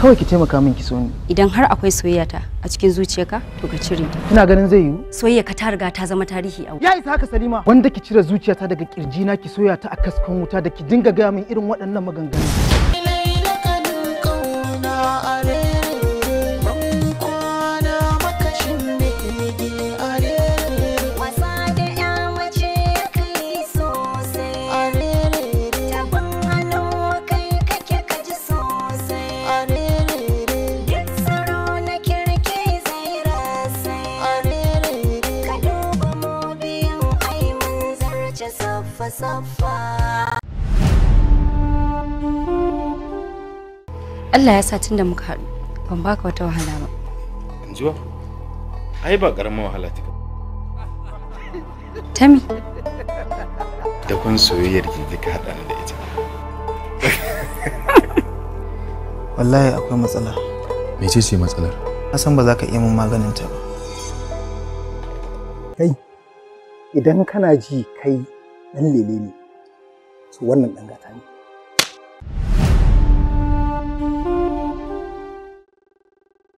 kawai ki taimaka min ki so ni idan har akwai soyayya ta a cikin zuciyarka to ka cire ta Kina ganin zai yiwu soyayya ka ta riga ta zama tarihi a ya isa haka salima wanda ki cire zuciyata daga na ki soya ta a kaskon wuta da ki dinga gaya min irin waɗannan maganganu Allah ya sa tun da muka haɗu ban baka wata wahala ba. Anjuwa, ai ba ƙaramin wahala ta Tami. Da kun soyayyar ki kika haɗa da ita. Wallahi akwai matsala. Mece ce matsalar? Na san ba za ka iya mun maganin ta ba. Kai, idan kana ji kai ɗan lele ne su wannan ɗan gata ne